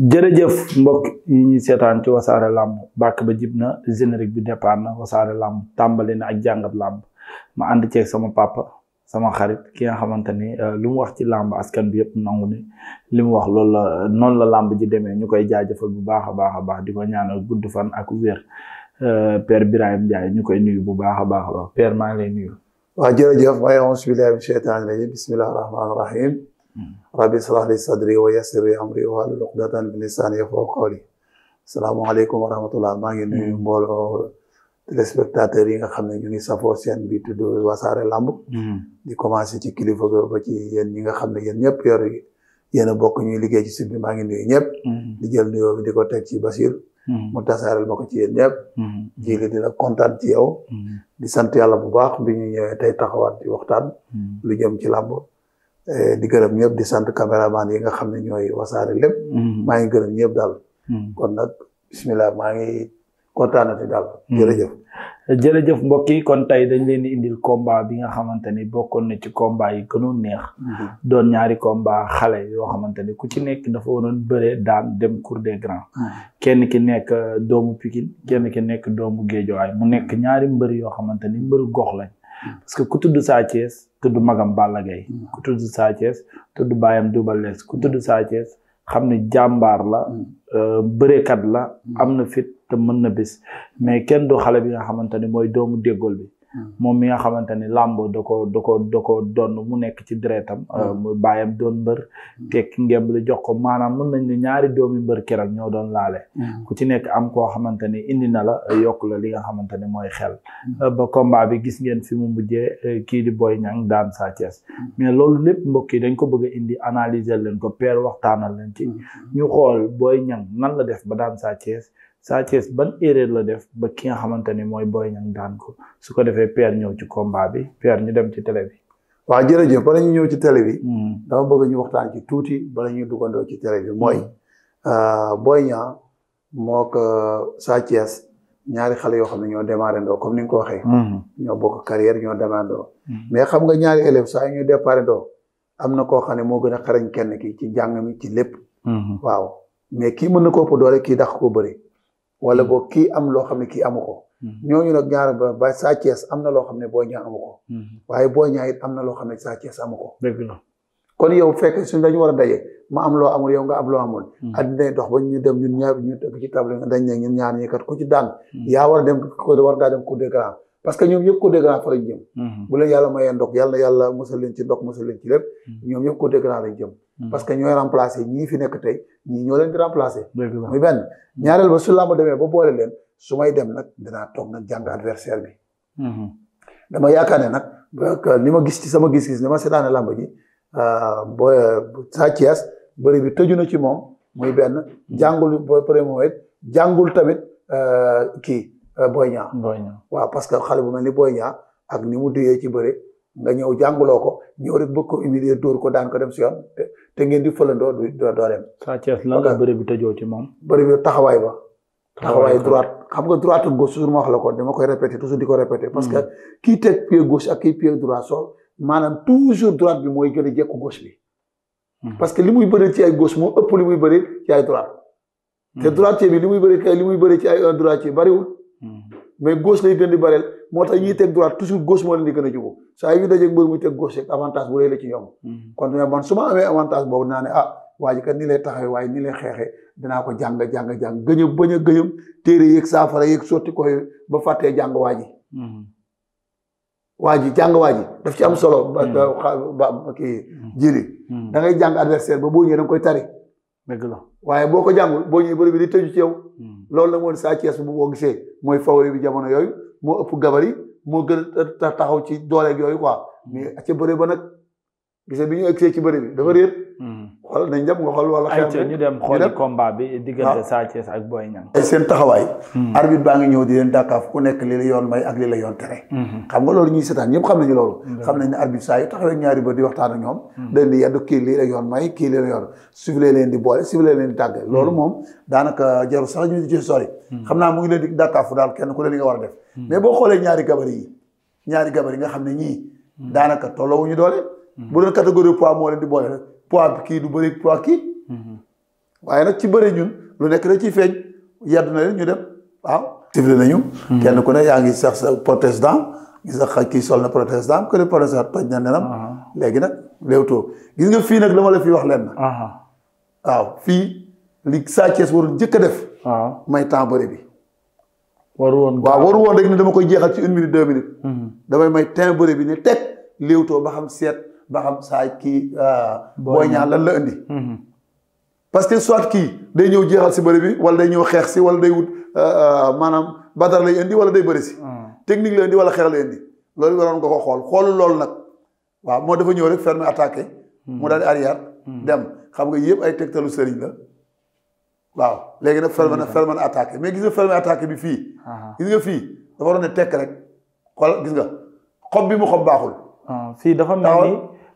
jërëjëf mbokk yi ñuy seetaan ci wasaare làmb bàkk ba jib na générique bi départ na wasaare làmb tàmbali na ak jàngat làmb ma ànd ceeg sama papa sama xarit ki nga xamante ni euh, lu mu wax ci làmb askan bi yëpp nangu ni li mu wax lool la noonu la làmb ji demee ñu koy jaajëfal bu baax a baax a baax di ko ñaanal gudd fan ak wér euh, père Birahim Ndiaye ñu koy nuyu bu baax a baax a baax père maa ngi lay nuyu. waaw jërëjëf waaye auzu billaahi mina sheytaani rajiim bismillaahi Hmm. rabbi israh li sadri wa yassir li amri wahlul uqdatan min lisani yafqahu qawli asalaamaaleykum wa rahmatullah maa ngi nuyu mbooloo téléspectateurs yi nga xam ne ñu ngi safoo seen bi tudd wasaare lamb hmm. di commencé ci kilifa ba ci yéen ñi nga xam ne yéen ñëpp yor yéen a bokk ñuy liggéey ci sud maa ngi nuyu ñëpp hmm. di jël nuyoo bi di ko teg ci Basir mu tasaareel ma ko ci yéen ñëpp ji li dina ci yow di sant yàlla bu baax bi ñu ñëwee tey taxawaat ci waxtaan lu jëm ci làmb Eh, di gërëm ñëpp di sant caméraman yi nga xam ne ñooy wasaare lépp. Mm-hmm. maa ngi gërëm ñëpp daal. Mm-hmm. kon nag bisimilah maa ngi kontaanati daal. Mm-hmm. jërëjëf. jërëjëf mbokk yi kon tey dañ leen di indil komba bi nga xamante ni bokkoon na ci combat yi gënoon neex. doon ñaari komba xale yoo xamante ni ku ci nekk dafa waroon bëree daan dem cour de grand kenn ki nekk euh, doomu Pikine kenn ki nekk doomu Géejawaay mu nekk ñaari mbër yoo xamante ni mbëru gox lañ. parce que ku tudd Sa Thiès magam Balla Gaye mm. ku tudd Sa Thiès baayam Double Less ku tudd Sa xam ne jàmbaar la mm. euh, bërekat la mm. am na fit te mën na bis mais kenn du xale bi nga xamante ni mooy doomu déggol bi Hmm. moom mi nga xamante ni làmb da ko da ko da ko donn mu nekk ci deretam hmm. euh, mu baayam doon mbër hmm. tekki ngemb li jox ko maanaam mën nañ ne ñaari doomi mbër keroog ñoo doon laale ku ci nekk am koo xamante ni indi na la euh, yokk la li nga xamante ni mooy xel euh, ba combat bi gis ngeen fi mu mujjee kii di Boy Niang daan Sa Thiès mais loolu lépp mbokk yi dañ ko bëgg a indi analyser leen ko peer waxtaanal leen ci ñu xool booy Niang nan la def ba daan Sa Thiès Sa Thiès ban erreur la def ba ki nga xamante ni mooy Boy Niang daan ko su ko defee Père ñëw ci combat bi per ñu dem ci télé bi. waaw jërëjëf bala ñu ñëw ci télé bi. Hmm. dama bëgg ñu waxtaan ci tuuti bala ñuy duggandoo ci télé bi mooy euh, Boy Niang moo ko Sa Thiès ñaari xale yoo xam ne ñoo démarré ndoo comme ni nga ko waxee. Hmm. ñoo bokk carrière ñoo démarré hmm. mais xam nga ñaari élèves saa yu ñu déparé ndoo am na koo xam ne moo gën a xarañ kenn ki ci jàng mi ci lépp. waaw mais kii mën na ko doole kii dax ko bëri. wala hmm. boog kii am loo xam ne kii amu ko. Hmm. ñooñu nag ñaar ba ba Sa Thiès am na loo xam ne boo Niang amu ko. Hmm. waaye boo Niang it am na loo xam ne Sa Thiès amu ko. dëgg la kon yow fekk suñ dañu war a daje ma am loo amul yow nga am loo amul. addina dox ba ñu dem ñun ñaar ñu tëgg ci table dañ ne ñun ñaar ñi kat ku ci daan. yaa war dem war ngaa dem coup de grand parce que ñoom ñëpp coup de grand fa lañ jëm. bu leen yàlla mayee ndox yàlla yàlla musal leen ci ndox musal leen ci lépp. ñoom ñëpp coup de grand lañ jëm. Hmm. parce que ñooy remplacer ñii fi nekk tey ñii ñoo leen di remplacer. muy benn ñaareel ba su làmb demee ba boole leen su may dem nag dinaa toog nag jàng adversaire bi. Hmm. dama yaakaar ne nag li ma gis ci sama gis-gis ni ma seetaane làmb ji euh, bo Sa Thiès bëri bi tëju na ci moom muy benn hmm. jàngul ba pare moom it jàngul tamit euh, kii euh, Boy Niang. Boy Niang waaw parce que xale bu mel ni Boy Niang ak ni mu duyee ci bëri. nga ñëw jànguloo ko ñëw rek bëgg ko humilier dóor ko daan ko dem si yoon te ngeen di fëlandoo du doo dem. Sa Thiès tëjoo ci moom. bëri taxawaay ba. taxawaay droite xam nga droite ak gauche toujours ma wax la ko dama koy répété toujours di ko répété. parce que hmm. kii teg pied gauche ak kii pied droite soo maanaam toujours droite bi mooy gën a jekku gauche bi. Hmm. parce que li muy bëri ci ay gauche moom ëpp li muy ci ay droite. Hmm. te droitier bi li muy bëri li muy ci ay bariwul. mais gauche lay gën di bareel moo tax ñiy teg droite toujours gauche moo leen di gën a jubóo saa yu dajeeg mbër muy teg gauche rek avantage bu rëy la ci ñoom. Mm-hmm. kon man su ma amee avantage boobu naa ne ah waa ji kat nii lay taxawee waaye nii lay xeexee dinaa ko jàng jàng jàng gëñ a bañ a gëñam téere yeeg saafara yeeg sotti ko ba fàttee jàng waa ji. Mm-hmm. waa ji jàng waa ji daf ci am solo. ba mm-hmm. kii jëli. da ngay jàng adversaire ba boo ñëwee da koy tari. dëgg la waaye boo ko jàngul boo ñëwee bëri bi di tëju ci yow. Hmm. loolu la moon Sa Thiès bu boo gisee mooy favori bi jamono yooyu moo ëpp gabari moo gën a taxaw ci dooleeg yooyu quoi hmm. mais ca bëri ba nag gisee bi ñu egsee ci bëri bi dafa réer. Hmm. wala nañ dem nga xool wala. xeex ñu dem bi diggante ah. Sa Thiès ak Boy Niang. ay seen taxawaay. Hmm. arbitre baa ngi ñëw di leen dàkkaaf ku nekk li la yoon may ak li la yoon tere. Hmm. xam nga loolu ñuy nañ hmm. ne arbitre saa yu taxawee ñaari di leen di boole leen di loolu moom daanaka jarul sax ñu ci xam naa mu ngi leen di dàkkaafu daal kenn ku leen li nga war a def. mais boo xoolee ñaari gabar yi ñaari gabar yi nga xam ne ñii daanaka tollowuñu doole bu doon catégorie poids moo leen di boole rek poids kii du bëri poids kii. waaye nag ci bëri ñun lu nekk da ciy feeñ yedd na leen ñu dem waaw. tifle nañu. kenn ku ne yaa ngi sax sa protestant gis nga ki sol na protestant ku ne protestant toj na nenam. léegi nag léewtoo gis nga fii nag la la fi wax leen na waaw fii li Sa Thiès warul njëkk a def. may temps bëri bi. waru woon waaw waru woon rek ne dama koy jeexal ci une minute deux minutes. Mhm. damay may temps bëri bi ne teg léewtoo ba xam seet. ba xam saa kii. Euh, booy ñaan lan la indi. Mhm. parce que soit kii day ñëw jeexal si bëri bi wala day ñëw xeex si wala day wut euh, euh, maanaam badar lay indi wala day bëri si. Mhm. technique la indi wala xeex la indi loolu waroon nga ko xool xoolu loolu nag waaw moo dafa ñëw rek fermé attaqué. Mhm. mu daal di arrière xam nga yëpp ay tegtalu sëriñ la. waaw léegi nag fermé na fermé na attaqué mais gis nga fermé attaqué bi fii. gis fii dafa waroon ne tekk rek xool gis nga xob bi mu xob baaxul. Ah,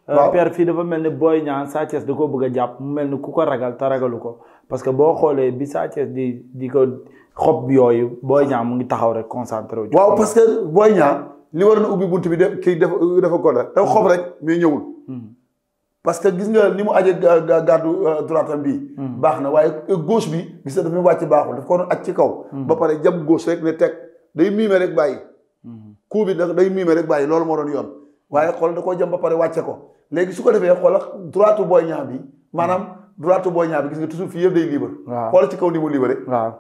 Euh, waaw fii dafa mel ni Boy ñaan Sa da koo bëgg a jàpp mu mel ni ku ko ragal te ragalu ko parce que boo xoolee bi Sa Thiès di di ko xob yooyu Boy Niang mu ngi taxaw rek concentré wu. waaw parce que Boy Niang li war na ubbi bunt bi de kii dafa dafa góor rek dafa xob rek muy ñëwul. Mm-hmm. parce que gis nga ni mu aje gardu euh, droite am bii. Mm-hmm. baax na waaye gauche bi gis nga dafa wàcc baaxul dafa koo doon aj ci kaw. Mm-hmm. ba pare jam gauche rek ne teg day miime rek bàyyi. coup bi nag day miime rek bàyyi loolu moo doon yoon. waaye xool da koo jëm ba pare wàcce ko. léegi su ko defee xoola droite booy ñaa bi maanaam droite booy ñaa bi gis nga toujours fii yëpp day libre xoola ci kaw ni mu libre waaw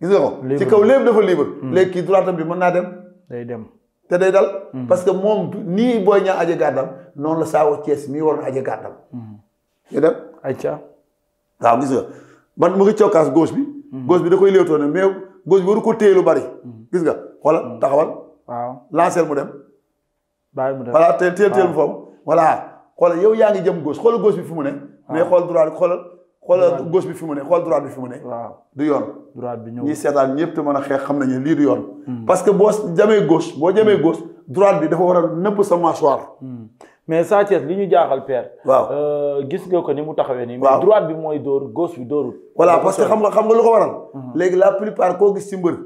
gis nga ko ci kaw lépp dafa libre hmm. léegi kii droite bi mën naa dem day dem te day dal hmm. parce que moom nii booy ñaa aje gàddam noonu la Sa Thiès mii waroon aje gàddam ñu hmm. dem ayca waaw gis nga man mu ngi cokkaas gauche bi gauche bi da koy léewtoo ne mais gauche bi waru ko téye lu bari gis nga xoola taxawal waaw lancer mu dem bàyyi mu dem voilà téel voilà xoolal yow yaa ngi jëm gauche xoolal gauche bi fi mu ne. mais xool droit bi xoolal. xoolal gos bi fi mu ne xool droit bi fi mu ne. waaw du yoon. droit bi ñëw ñi seetaan ñëpp te mën a xeex xam nañu lii yoon. Hmm. parce que boo jamee gauche boo jamee gauche droite bi dafa war a nëpp sa mâchoire. Hmm. mais Sa li ñu jaaxal père. waaw euh, gis nga ko ni mu taxawee nii. mais droite bi mooy dóor gauche bi dóorul. voilà parce que xam nga xam nga lu ko waral. Hmm. léegi la plupart koo gis si mbër.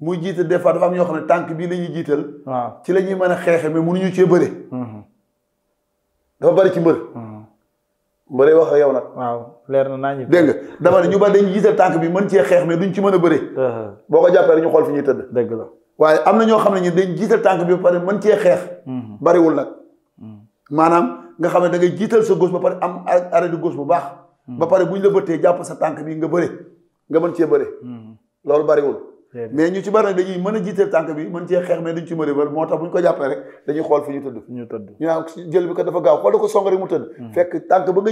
muy jiital des dafa am ñoo xam ne tànk bii la ñuy jiital. waaw ci la ñuy mën a xeexee nu ñu cee bëre. dafa bari ci mbër. Hmm. mbëree wax ak yow nag. waaw leer na naa ñu. dégg nga dama ne ñu bari dañ jiital tànk bi mën cee xeex mais duñ ci mën a bëree. Uh-huh. boo ko jàppee rek ñu xool fi ñuy tëdd. dëgg la waaye am na ñoo xam ne ñu dañ jiital tànk bi ba pare mën cee xeex. Hmm. bariwul nag. Hmm. maanaam nga xam ne da ngay jiital sa gauche ba pare am arrêt de gauche bu baax. ba pare bu ñu la bëttee jàpp sa tànk bi nga bëre nga mën cee bëre. loolu bariwul. mais ñu ci bari dañuy mën a jiiteel tànk bi mën cee xeex mais duñ ci mën a bëri moo tax bu ñu ko jàppee rek dañuy xool fi ñu tëdd ñu tëdd ñu naan jël bi ko dafa gaaw xool ko song rek mu tëdd hmm. fekk tànk ko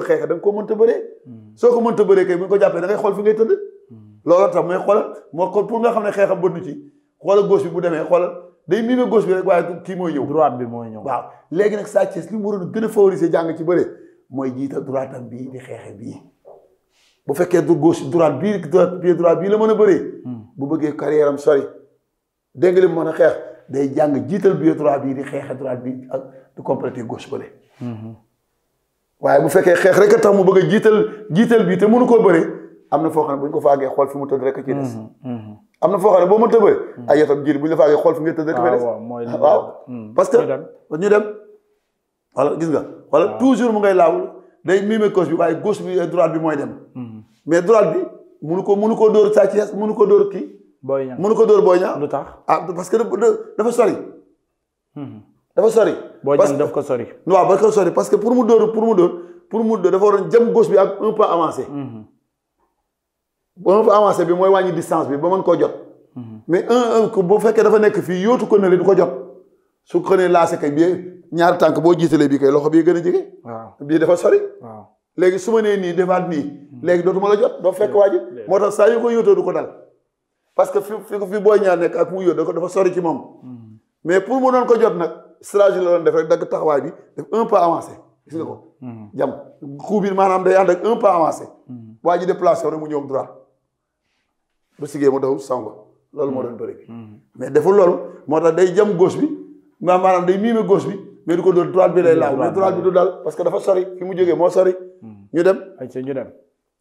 xeex da ko mënta bëree hmm. soo ko mënta bëree kay bu ñu ko jàppee da ngay xool fi ngay tëdd hmm. loolu tax mais xoolal moo ko pour nga bi bu demee xoolal day miime gauche bi rek waaye kii mooy ñëw droite bi mooy ñëw waaw léegi nag Sa Thiès li mu waroon jàng ci bëre mooy jiital droitam bii di xeexe bii bu fekkee du gauche droite bii pied droit bii la mën a bëree. Hmm. bu bëggee carrière am sori. dégg mën a xeex day jàng jiital pied droit bii di xeexe droite bi ak di complété gauche bële. Hmm. waaye bu fekkee xeex rek a tax mu bëgg jiital jiital bii te mënu koo bëree am na foo xam ne buñ ko ko faagee xool fi mu tëdd rek a ci des. Hmm. am na foo xam ne boo mënta bëree. ay yotam jiir bu ñu la faagee xool fi nga tëdd rek a des. Ah, waaw mooy ah, waaw parce que ñu dem. wala gis nga wala ah. toujours mu ngay laawul day miime gauche bi waaye bi mooy dem. mais droite bi munu ko munu koo dóor Sa Thiès munu koo dóor kii. Boy Niang munu ko dóor Boy Niang. lu tax parce que dafa sori. dafa sori. Boy Niang daf ko sori. waaw daf ko sori parce que pour mu dóor pour mu dóor pour mu dóor dafa waroon jëm bi ak un peu avancé. Hmm. bi mooy wàññi distance bi ba mën koo jot. Hmm. mais un un fekkee dafa nekk fii yootu ko ne du ko jot su ko nee laasé kay ñaar tànk boo jiitalee bi kay loxo bii gën a jege. bii dafa sori. waaw. léegi su ma nee nii defaat nii hmm. léegi dootuma la jot doo fekk waa ji moo tax saa yu ko yóotoo du ko dal parce que fi fi ko fi booy ñaar nekk ak mu yóot ko dafa sori ci moom hmm. mais pour mu ko jot nag stratégie la doon dagg taxawaay bi un pas hmm. jam coup maanaam day ànd ak un pas avancé waa ji déplacé wu rek mu ñëw droit bu sigee mu daw sango loolu moo doon bëri bi mais deful loolu moo tax day jam gauche bi maanaam day miime gauche bi mais du ko dóor droite bi lay laaw mais droite bi du dal parce que dafa sori fi mu jógee moo sori. Hmm. ñu dem ayca ñu dem.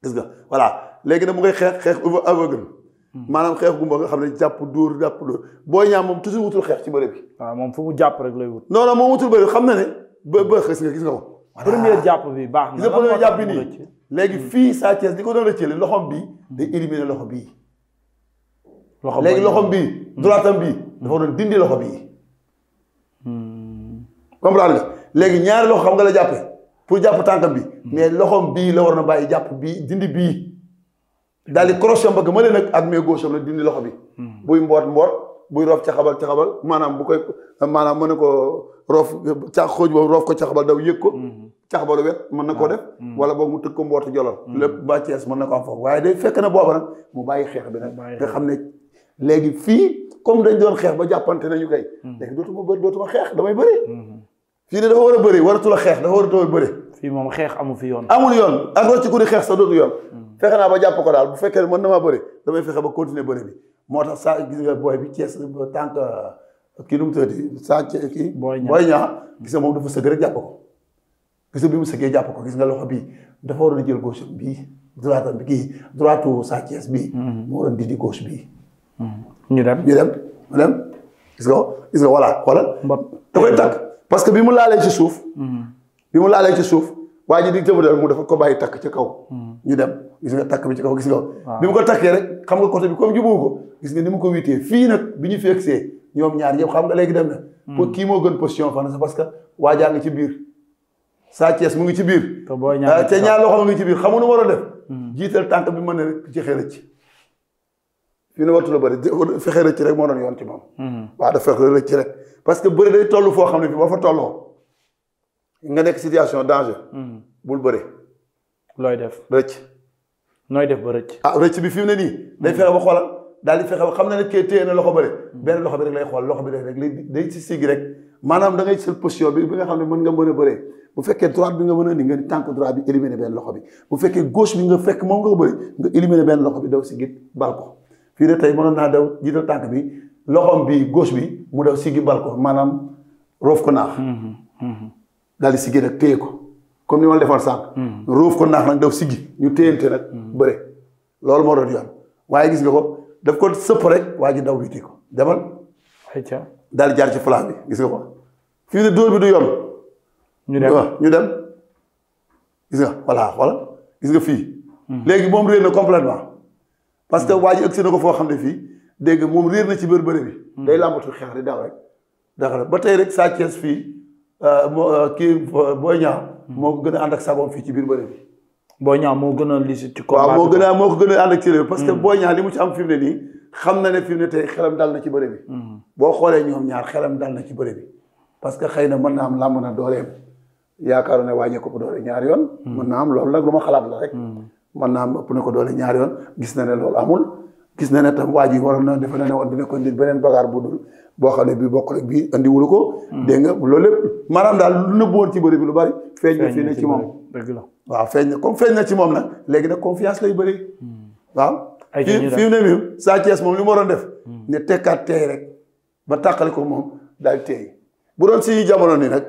gis nga voilà léegi nag mu ngay xeex xeex aveugle. Hmm. maanaam xeex gu nga xam ne jàpp dóor jàpp dóor booy ñaam moom toujours wutul xeex ci bëre bi. waaw ah, moom fu mu jàpp rek lay wut. non moom wutul bëre xam na ne ba ba gis nga gis nga ko. premier jàpp bi baax na. gis nga jàpp bi nii léegi hmm. fii Sa Thiès di ko doon rëccale loxom bii day éliminer loxo bii. loxo léegi loxom bii droitam bii dafa doon dindi loxo bii comprendre nga léegi ñaari loxo xam nga la jàppe pour jàpp tànk bi hmm. mais loxoom bii la war na bàyyi jàpp bii dindi bii daal di crochet mbagg ma leen ak main gauche la dindi loxo bi hmm. buy mboot mboot buy roof ca xabal ca xabal maanaam bu koy maanaam man ne ko roof ca xooj boobu roof ko ca xabal daw yëg ko hmm. ca xabalu wet mën na ko ah. def wala boog mu tëgg ko mbootu jolol lépp ba Thiès mën na ko am foofu waaye day fekk na booba nag mu bàyyi xeex bi nag nga xam ne léegi fii comme dañ doon xeex ba jàppante nañu kay fii ne dafa war a bëri waratul a xeex dafa waratul a bëri. fii moom xeex amu fi yoon. amul yoon ak rocc ku di xeex sa dootu yoon. fexe naa ba jàpp ko daal bu fekkee mën na maa bëri damay fexe ba continuer moo tax saa gis nga booy bi Thiès tànk kii nu mu tëddee saa kii. booy ñaa gis nga moom dafa sëgg bi mu sëggee jàpp ko gis nga loxo bii dafa waroon a jël gauche bii droite bi kii droite saa Thiès bii. Mhm. moo waroon dindi gauche bii. Mhm. ñu dem ñu dem mu dem gis nga gis nga voilà xoolal da koy takk parce que bi mu laalee ci suuf. Mm-hmm. bi mu laalee ci suuf waa ji di jëfandikoo mu dafa ko bàyyi takk ci kaw. Mm-hmm. ñu dem gis nga takk bi ci kaw gis nga. bi mu ko takkee rek xam nga côté bi comme jubu ko gis nga ni mu ko wiitee fii nag bi ñu fekk see ñoom ñaar yëpp xam nga léegi dem na. Mm-hmm. pour kii moo gën position fan parce que waa jaa ngi ci biir. Sa Thiès mu ngi ci biir. te booy ñaar ah, te ñaar loxo mu ngi ci biir xamu nu war a def. jiital tànk bi mën na rek ci xëy ci. fi ne wartu la bëri fexe rëcc rek moo doon yoon ci moom. waaw dafa fexe rek parce que bëre day toll foo xam ne bi boo fa tolloo nga nekk situation danger. Hmm. bul bëre. looy def rëcc. nooy def ba rëcc. ah rëcc bi fi mu ne nii. day fexe ba xoolal daal di fexe ba xam na ne kii téye na loxo bëre. Hmm. benn loxo bi rek lay xool loxo bi rek lay day si sigg rek maanaam da ngay jël position bi bi nga xam ne mën nga mën a bëree. bu fekkee droite bi nga mën a indi nga ni tànk bi éliminer benn loxo bi bu fekkee gauche bi nga fekk moom nga ko bëri nga éliminer benn loxo bi daw si git fii de tey mënoon naa daw jiital tànk bi loxoom bi gauche bi mu def sigi bal ko maanaam roof ko naax. Mhm, mhm. daal di sigi nag téye ko comme ni ma la defoon sànq. Mhm. roof ko naax nag daf sigi ñu téyante nag. bëre loolu moo doon yoon waaye gis nga ko daf ko sëpp rek waa ji daw witti ko demal. xëcc daal di jaar ci flanc bi gis nga ko fii de dóor bi du yoon. ñu dem ñu dem gis nga voilà voilà gis nga fii. léegi moom réer na complètement parce que waa ji na ko foo xam ne fii. dégg moom réer na ci biir bëri bi. Hmm. day làmbatu xeex rek daaw rek. d'accord ba tey rek Sa Thiès fii euh, moo euh, kii euh, Boy Niang hmm. moo ko gën a ànd ak saboom fii ci biir bëri bi. Boy Niang moo gën li ci combat waaw moo a moo gën a ànd ak parce que hmm. Boy Niang li mu ci am fi mu xam na ne fi mu ne tey xelam na ci bëri bi. boo xoolee ñoom ñaar xelam dal na ci bëri bi parce que xëy na mën na am làmb na dooleem yaakaaroon ne wàññee ko doole ñaari yoon. mën naa am loolu nag lu ma xalaat la rek. mën naa am ëpp na ko doole ñaari yoon gis na ne loolu amul gis na ne tam waa ji waroon na defe na ne woon dina ko indil beneen bagaar bu dul boo xam ne bi bokk rek bii andiwul ko. Hmm. dégg nga loolu lépp maanaam daal lu nëbbu woon ci bëri bi lu bari. feeñ na feeñ na moom dëgg la. waaw feeñ na comme feeñ na ci moom nag léegi nag confiance lay bëri. Hmm. waaw. ay fi fi mu ne nii Sa Thiès moom li mu waroon def. Hmm. ne tekkaat tey rek ba tàqali ko moom daal tey bu doon si jamono ni nag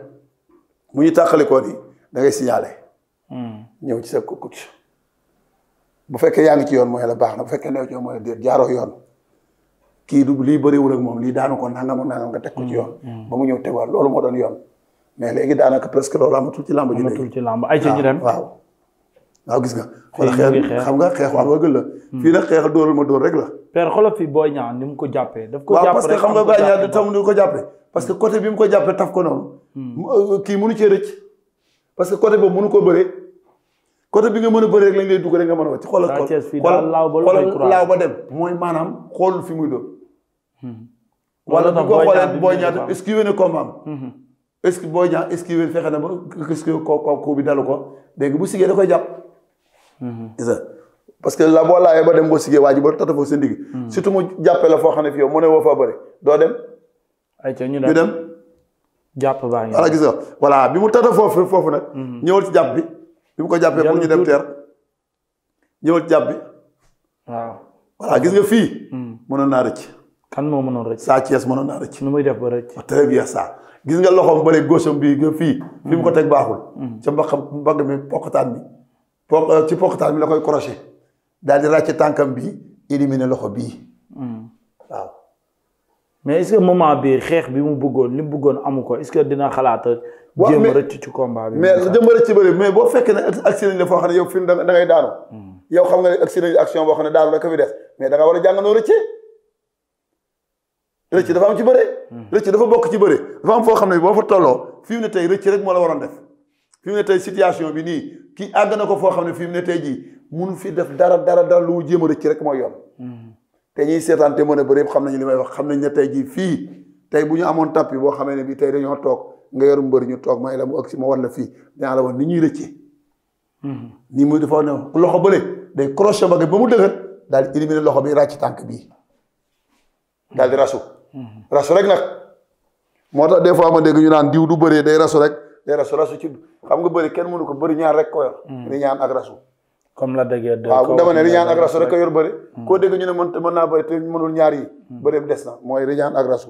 mu ñu tàqali ko nii da ngay signalé. ñëw ci sa coach. bu fekkee yaa ngi ci yoon mooy la baax na bu fekkee new ci yoon mooy la déet jaaroo yoon kii du lii bëriwul ak moom lii daanu ko nangam ak nangam nga teg ko ci yoon mm, mm. ba mu ñëw daanaka presque loolu amatul ci làmb ay ci ñu dem waaw waaw gis nga wala xeex xam nga xeex waaw gël la mm. fii nag xeex dóoral ma dóor rek la père xoolal fi booy ñaan ni mu ko jàppee daf ko jàpp parce que xam nga booy ñaan tam que côté bi mu ko jàppee taf ko noonu euh, kii mënu cee rëcc parce que côté boobu mënu ko bëree côté bi nga mën a bëri lañ lay dugg rek mën a wàcc xoolal xoolal laaw ba dem mooy maanaam xool fi muy doon hmm. wala bu ko xoolee booy ñaata esquivé na combat am hmm. est-ce na ba ko bi dalu ko dégg bu sigee da koy jàpp hmm. parce que la boo laayee ba dem boo sigee waa ji ba tata foofu sa ndigg surtout mu jàppee la foo xam ne fi yow mu ne woo faa bëri doo dem ay ca ñu dem jàpp baa ngi voilà gis nga voilà bi mu tata foofu foofu nag ñëwal jàpp bi li mu ko jàppee pour ñu dem teer ñëwal jàpp waaw voilà gis nga fii. Hmm. mënoon naa rëcc. kan moo mënoon rëcc. Sa Thiès mënoon naa rëcc. nu muy def ba rëcc. Oh, très bien gis nga loxo bële góosam bii nga fii. fi mu ko hmm. teg baaxul. Hmm. ca mbaxam mbagg mi pokkataan bi. po euh, ci pokkataan bi la koy crochet. daal di ràcc tànkam bii éliminer loxo bii. waaw. mais est que moment bi xeex bi mu buggoon li mu bëggoon amu ko que dina xalaat jéem a rëcc ci combat bi. mais jéem a rëcc boo fekkee ne accident la foo xam ne yow fi da ngay daanu. Hmm. yow xam nga ne accident action boo xam ne daanu rek a fi des mais a dafa ci bëre. Hmm. rëcc dafa bokk ci bëre dafa am foo xam ne boo fa tolloo fii mu ne tey rëcc rek moo la waroon def fi mu ne tey situation bi nii kii àgg na ko foo xam ne fii mu ne tey jii mun fi def dara dara dara lu mu jéem a rëcc rek mooy yoon. Hmm. te ñuy seetaan te mën a bëre yëpp xam nañu li may wax xam nañ ne tey jii fii tey bu ñu amoon tapis boo xamee ne bii tey dañoo toog nga yor bëri ñu toog may la mu ëgg si ma war la fii dinaa la woon ni ñuy rëccee. Mm-hmm. nii muy dafa ne loxo bële day crochet ba ba mu dëgër daal di éliminer loxo bi ràcc tànk bii daal di rasu. Mm-hmm. rasu rek nag moo tax des fois ma dégg ñu naan diw du bëree day rasu rek day rasu rasu ci xam nga bëri kenn ko bëri ñaar rek mm-hmm. ñaan ak rasu. comme la déggee de waaw bu dama ne riñaan ak rasu rek ko yor ñu ne mën mën naa bëri te mënul ñaar yi. bëri des na mooy riñaan ak rasu.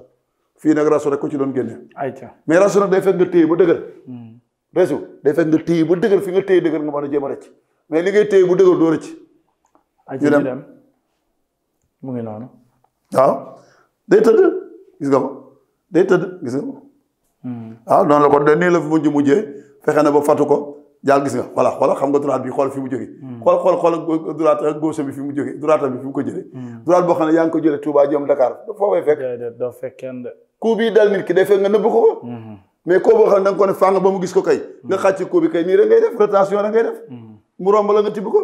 fii nag rasu rek ko ci doon génne. ayca mais rasu nag day fekk nga téye ba dëgër. Hmm. resu day fekk nga téye ba dëgër fi nga téye dëgër nga mën a jéem a rëcc mais li ngay téye bu dëgër doo rëcc. ñu dem mu ngi noonu. waaw day tëdd gis nga ko day tëdd hmm. de nii la fi mujj mujjee ko jaal gis nga voilà voilà xam nga droite bi xool fi mu jógee. Hmm. xool xool xool droite ak gauche bi fi mu jógee droite bi fi mu ko jëlee. droite boo xam ne yaa ngi ko jëlee Touba jëm Dakar foo koy fekk. doo fekk kenn de. coup bii dal nit ki day fekk nga nëbb ko ko. Mhm. mais koo xam ne da nga ko ne fàng ba mu gis ko kay. nga mhm. xàcc coup bi kay nii rek ngay def rotation rek ngay def. Mhm. mu romb la nga tibb ko.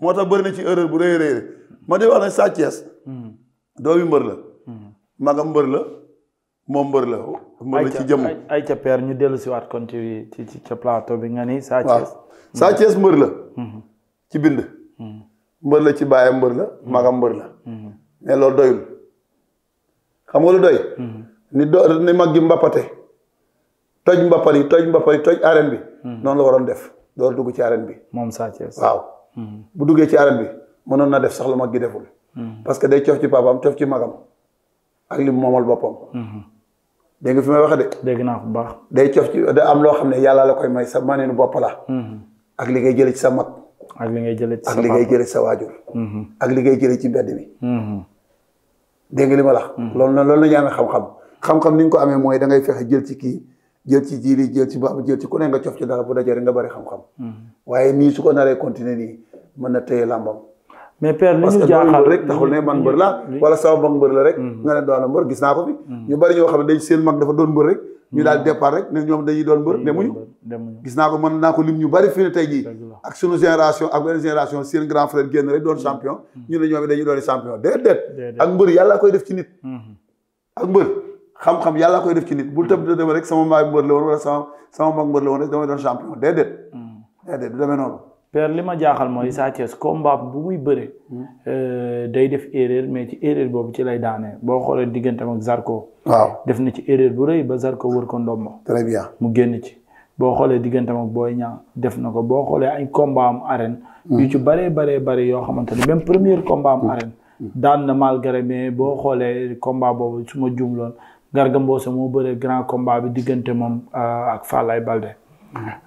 moo tax bëri na ci erreur bu rëy rëy ma di wax ne Sa Thiès. doomi mbër la. magam mbër la. moom mbër la mbër la ci jëmm ay ca ñu dellu si kon ci ci ca plateau bi nga ni Sa Thiès. la. ci bind. mbër la ci baayam mbër la magam mbër la. mais loolu doyul. xam nga lu doy. Hmm. ni do ni mag gi mbappate toj mbappat yi toj mbappat yi toj arène bi. Hmm. noonu la waroon def door dugg ci arène bi. moom Sa Thiès hmm. bu duggee ci arène bi mënoon na def sax lu mag gi deful. parce que day coof ci papaam coof ci magam ak li mu moomal boppam. dégg nga fi may waxee de. naa bu baax. day coof ci da am loo xam ne yàlla la koy may sa maneenu bopp la. ak li ngay jëlee ci sa mag. ak li ngay jëlee ci sa li ngay jëlee ci sa waajur. ak li ngay jëlee ci mbedd mi. dégg nga li ma la hmm. loolu na loolu la ñu amee xam-xam xam-xam ni ñu ko amee mooy dangay fexe jël ci kii jël ci jiili jël ci baabu jël ci ku ne nga cof ci dara bu dajee rek nga bari xam-xam hmm. waaye nii su ko naree continuer nii mën na téye làmbam mais père li ñu jaaxal rek taxul ne man mbër la hmm. wala sama mag mbër la rek nga ne doon la mbër gis naa ko fi ñu bari ñoo xam ne dañ seen man dafa doon mbër rek ñu daal départ rek ne ñoom dañuy doon mbër demuñu gis naa ko man naa ko lim ñu bari fii ne tey jii ak sunu génération ak benn génération seen grand frère génn rek doon champion mm-hmm. ñu ne ñoom dañuy doon champion déedéet ak mbër yàlla koy def ci nit mm-hmm. ak mbër xam-xam yàlla koy def ci nit bul tëb dem rek sama maay mbër la woon wala sama sama mag mbër la woon rek damay doon champion déedéet mm-hmm. déedéet du demee noonu per li ma jaaxal mooy hmm. Sa Thiès combat bu muy bëre hmm. euh, day def erreur mais ci erreur boobu ci lay daanee boo xoolee diggante ak Zarko. waaw def na ci erreur bu rëy ba Zarko wër ko ndomba. très bien mu génn ci. boo xoolee diggante ak Boy Niang def na ko boo xoolee ay combat am arène. Hmm. ci bëree bëree bëri yoo xamante ne même premier combat am arène. daan na malgré mais boo xoolee combat boobu su ma jumloon Garga Mbossé moo bëree grand combat bi diggante moom euh, ak Falaye Balde.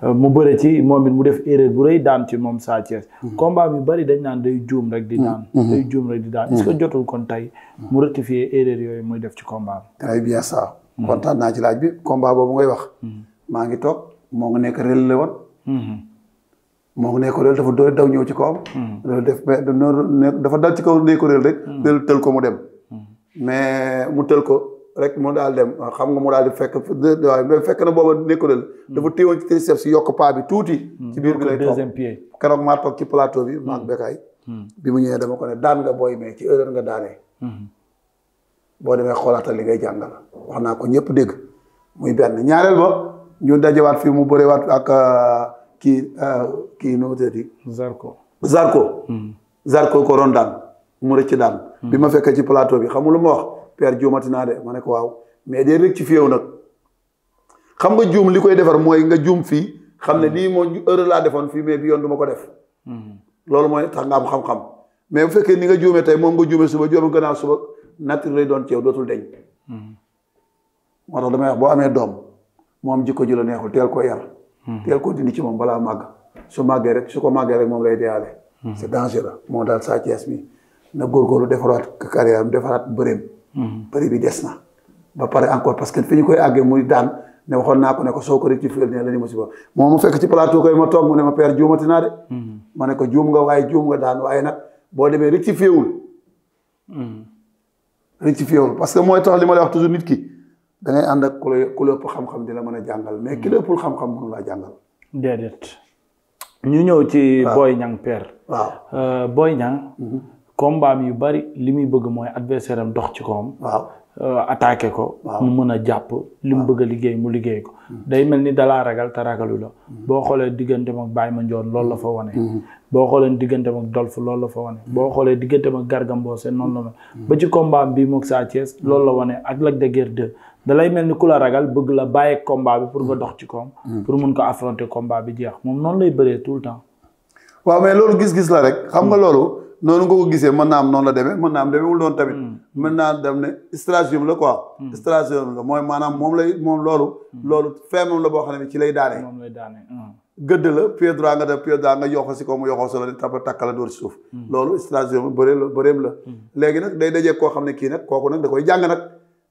Euh, mu bëre ci moom it mu def erreur bu rëy daan ci moom saa Thiès mm-hmm. combat bi bari dañ naan day juum rek di daan mm-hmm. day juum rek di daan est que mm-hmm. jotul kon tey mu rectifier erreur yooyu muy def ci combat bi très bien ça kontaan naa ci laaj bi combat boobu ngay wax maa ngi toog moo ngi nekk rel la woon moo ngi nekk réel dafa doole daw ñëw ci kawam loolu def dafa dal ci kaw nekk réel rek réel tël ko mu dem mais mu tël ko rek mu daal dem xam nga mu daal di fekk waaye mais fekk na booba nekkulal hmm. dafa téewoon ci triceps si yokk paa bi tuuti hmm. ci biir bi lay toog keroog maa toog ci plateau bi hmm. maag bekaay bi mu ñëwee dama ko ne daan nga booy mais ci erreur nga boo demee xoolaatal li ngay jàngal wax naa ko ñëpp dégg muy benn ñaareel ba ñu dajewaat fii mu bëriwaat ak euh, kii euh, kii nu mu tëddi Zarko Zarko Zarko ko roon daan mu rëcc daan bi ma fekkee ci plateau bi xamul lu ma wax per juumati naa de ma ne ko waaw mais dee rek ci fi nag xam nga juum li koy defar mooy nga juum fii xam ne lii moo heure laa defoon fii mais bi yoon du ma ko def mm-hmm. loolu mooy tax nga am xam-xam mais bu fekkee ni nga juumee tey moom nga juume suba juume gannaaw suba nature lay doon ci dootul deñ mm-hmm. moo tax damay wax boo amee doom moom jikko ji la neexul teel ko yar mm-hmm. teel ko dindi ci moom balaa màgg su màggee rek su ko màggee rek moom lay deyaale c'est dangereux moo daal Sa Thiès bi na góorgóorlu defaraat carrière am defaraat bëreem bëri mm-hmm. bi des na ba pare encore parce que fi ñu koy àggee muy daan ne waxoon naa ko ne ko soo ko rectifier ne la ñu musiba moom mu ma ne ma mm-hmm. ma ne ko juum nga waaye juum nga daan waaye nag boo demee rectifier wul mm-hmm. rectifier wul parce que mooy tax li ma wax toujours nit ki da ngay ànd ak ku la ku la di la mën a jàngal mais ki la xam-xam mënu laa jàngal déedéet ñu ñëw ci Boy Niang père waaw euh, Boy Niang combat yu bari li muy bëgg mooy adversaire am dox ci kawam. waaw euh, attaqué ko. mu mën a jàpp li mu bëgg a liggéey mu liggéey ko. Hmm. day mel ni dalaa ragal te ragalu la. Hmm. boo xoolee diggante mag Baye Mandione loolu la fa hmm. wane. boo xoolee diggante mag Dolph loolu la fa wane. boo xoolee diggante mag Garga Mbossé noonu la mel. ba ci combat bii moog Sa Thiès loolu la wane ak Lac de Guiers da lay mel ni ku la ragal bëgg la bàyyi combat bi pour ba dox ci kawam. pour mun ko affronter combat bi jeex moom noonu lay bëree tout le temps. xam nga loolu. noonu nga ko gisee man naa am noonu la demee mën naa am demewul noonu tamit mm. mën naa dem ne stratégie la quoi mm. stratégie la mooy maanaam moom lay moom loolu mm. loolu feemam la boo xam ne ci lay daanee gëdd la pied droit nga def pied droit nga yoxo si ko mu yoxoo solo taba takkala dóor si suuf loolu stratégie bëree la bëreem la léegi nag day dajee koo xam ne kii nag kooku nag da koy jàng nag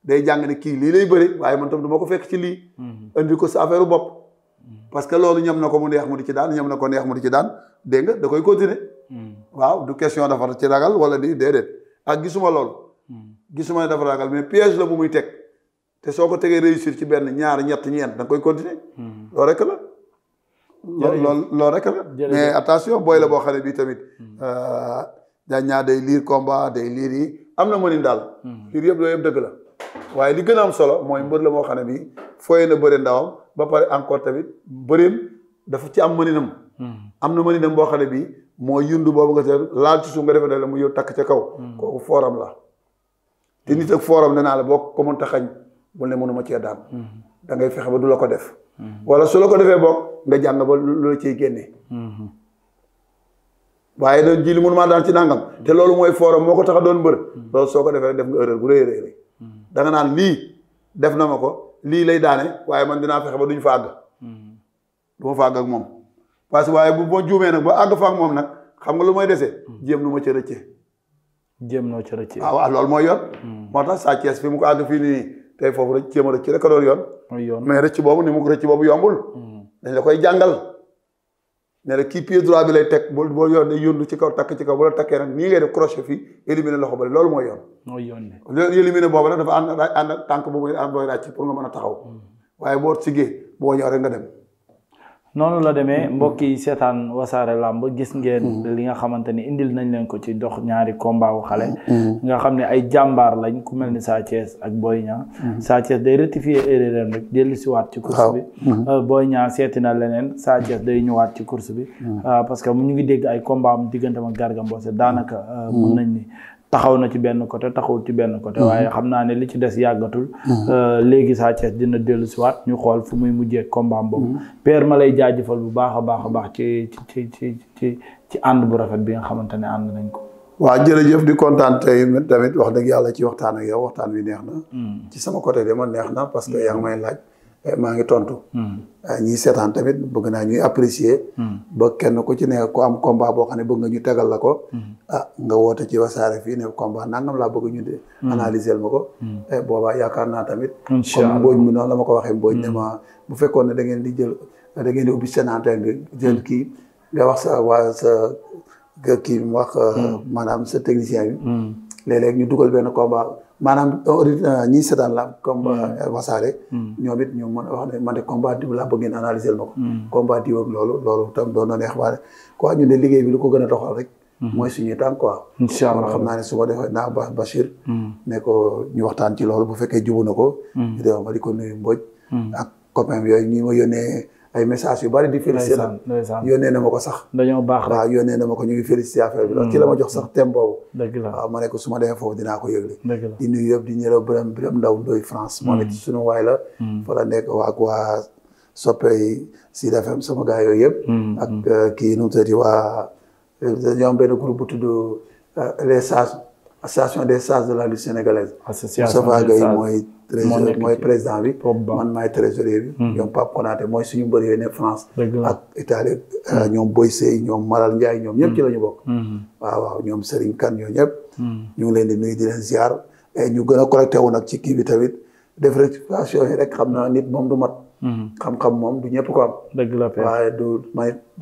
day jàng ne kii lii lay bëri waaye man tam du ma ko fekk ci lii mm-hmm. indi ko sa affaire bopp mm-hmm. parce que loolu ñam na ko mu neex mu di ci daan ñam na ko neex mu di ci daan dégg nga da koy continuer Hmm. waaw du question dafa ci ragal wala di déedéet ak gisuma lool. Hmm. gisuma ne dafa ragal mais piège la bu muy teg te soo ko tegee réussir ci benn ñaar ñett ñeent da koy continuer. Hmm. loolu rek la. jërëjëf loolu loolu rek la mais attention booy la boo xam ne bii tamit. Euh, daañu ñaar day liir combat day liir yi am na mënin daal. liir yëpp loolu yëpp dëgg la. waaye li gën a am solo mooy mbër la moo xam ne bii fooyee na bëri ndawam ba pare encore tamit bëreem dafa ci am mëninam. am na mën dem boo xam ne moo yundu boobu nga seet laal ci suuf nga defee la mu yow takk ca kaw hmm. kooku fooram la te nit ak fooram ne naa la boo ko mënta xañ bu ne mënuma cee daan hmm. da ngay fexe ba du la ko def hmm. wala su la ko defee boog nga jàng ba lu la ciy génne waaye doon ji li daan ci nàngam te loolu mooy fooram moo ko tax a doon mbër loolu soo ko defee rek def nga erreur bu rëy rëy rëy da naan lii def na ma ko lii lay daane waaye man dinaa fexe ba duñ fa àgg du fa àgg ak moom parce que waaye bu boo juumee nag ba àgg fa moom nag xam nga lu may desee jéem lu ma ca rëccee jéem noo ca rëccee ah waaw loolu mooy yoon hmm. moo tax Sa Thiès mu ko àgg fii nii tey foofu rek jéem a rëcc rek a doon yoon mais boobu ni mu ko rëcc boobu yombul hmm. dañ la koy jàngal ne la kii pied droit teg boo boo yoon day yóndu ci kaw takk ci kaw bu la takkee nag nii ngay def crochet fii éliminer mooy yoon mooy yoon loolu éliminer boobu nag dafa ànd ànd ak tànk bu muy booy ràcc pour nga mën a taxaw hmm. waaye boo siggee boo ñëw rek nga dem noonu la demee mm-hmm. mbokk yi seetaan wasaare làmb gis ngeen. Mm-hmm. li nga xamante ni indil nañ leen ko ci dox ñaari combat wu xale. Mm-hmm. nga xam ne ay jàmbaar lañ ku mel ni Sa Thiès ak Boy Niang. Sa Thiès day rectifier erreur rek dellu si waat ci course bi. Euh, Boy Niang seeti na leneen Sa Thiès day ñëwaat ci course bi. Euh, parce que mu ñu ngi dégg ay combat am digganteem ak Garga Mbossé daanaka. Euh, mun nañ ni taxaw na ci benn côté taxawul ci benn côté. Mhm. waaye xam naa ne li ci des yàggatul. Mhm. Euh, léegi Sa Thiès dina dellusiwaat ñu xool fu muy mujjee combat boobu. Mhm. père ma lay jaajëfal bu baax a baax a baax ci ci ci ci ci ànd bu rafet bi nga xamante ne ànd nañ ko. waaw jërëjëf di kontaan tey tamit wax dëgg yàlla ci waxtaan ak yow waxtaan wi neex na. ci sama côté de ma neex na parce que yaa may laaj. Eh, maa ngi tontu. Hmm. Eh, ñiy seetaan tamit bëgg naa ñuy apprécier. Hmm. ba kenn ku ci nekk ku am combat boo xam ne bëgg nga ñu tegal la ko. Hmm. ah nga woote ci wasaare fii ne combat nangam laa bëgg ñu de. analyser ma ko. Eh, boobaa yaakaar naa tamit. comme Mbodj mi noonu la ma ko waxee Mbodj ne ma bu fekkoon ne da ngeen di jël da ngeen di ubbi seen antenne bi jël kii nga wax sa waa sa kii mu wax. maanaam sa technicien bi. léeg ñu dugal benn combat. maanaam euh, euh, ñiy seetaan la comme mm. euh, Wassare mm. ñoom it ñu mën wax ne man de combat diw laa bëgg ngeen analyser ma ko mm. combat diw ak loolu loolu tam doon na neex waale quoi ñu ne liggéey bi lu ko gën a doxal rek mooy suñuy tànk quoi incha allah xam naa ne su ma defee naa ba Bachir ne ko ñu waxtaan ci loolu bu fekkee jubu na ko ñu dema ma di ko nuyu Mbodj ak copain yooyu ñi ma yónnee ay message yu bari di félicité la yónnee na ma ko sax dañoo baax waaw yónnee na ma ko ñu ngi félicité affaire bi loolu ci la ma jox sax thème waaw ma ne ko su ma demee foofu dinaa ko yëgle di nuyu yëpp di ñëw Birame Ndaw Ndoye France moo nekk mm. suñu waay la mm. fa la nekk waa waa soppey Sud FM sama gars yooyu yëpp mm, ak euh, kii nu mu tuddati waa euh, dañoo am benn groupe bu tudd euh, les sages association des sages de la lutte sénégalaise. association des sages Moustapha Gueye mooy. trésorier mooy président bi. man maay trésorier bi. Mhm. ñoom Pape Konaté mooy suñu mbër yooyu ne France. ak Italie euh, mhm. ñoom Boy ñoom Malal Ndiaye ñoom ñëpp ci mhm. la ñu bokk. waaw waaw ñoom Serigne Kane ñoo ñëpp. ñu di nuyu di leen ziar. ñu gën a connecté nag ci kii bi tamit def récupération yi rek xam naa nit moom du mat. xam-xam moom du ñëpp ko am. waaye du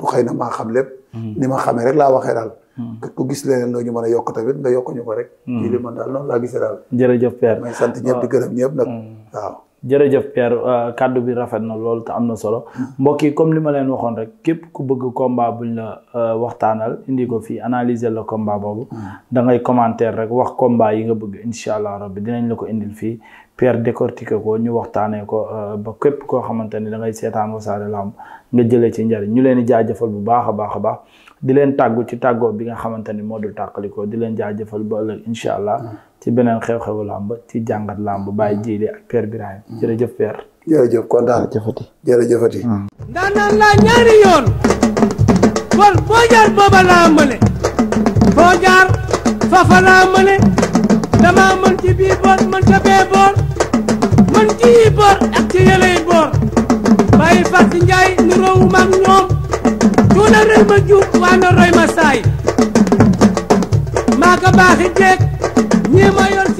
xëy na maa xam lépp. ni ma xamee rek laa waxee daal. Hmm. ku gis leneen loo ñu mën a yokk tamit nga yokk ñu ko rek. Hmm. lii li man daal noonu laa gisee daal. jërëjëf Père may sant ñëpp di ah. ñëpp nag hmm. waaw. jërëjëf Pierre ah, kàddu bi rafet na loolu am na solo mbokk yi comme li ma leen waxoon rek képp ku bëgg combat buñ la ah, waxtaanal indi ko fii analyser la combat boobu da ngay commentaire rek wax combat yi nga bëgg incha allah rabbi dinañ la ko indil fii Pierre décortiquer ko ñu waxtaanee ko ba képp koo xamante ni da ngay seetaan Wassare Lamb nga jëlee ci njariñ ñu leen di jaajëfal bu baax a baax a baax di leen tàggu ci tàggoo bi nga xamante ni moo dul tàqalikoo di leen jaajëfal ba ëllëg incha allah mm. ci beneen xew-xewu làmb ci jàngat làmb bàyyi jiile ak Père Birahim mm. jërëjëf Père jërëjëf kontaan jëfati jërëjëfati mm. ndaanaan laa ñaari yoon kon boo jaar booba laa mëne foo jaar fafa laa mëne dama mën ci bii boor mën ca bee boor mën ci boor ak ci yëley boor bàyyi fàtt njaay nu ñoom tuuna rëy ma juum waa na roy ma saay maa ko baaxi jeeg ñii ma yor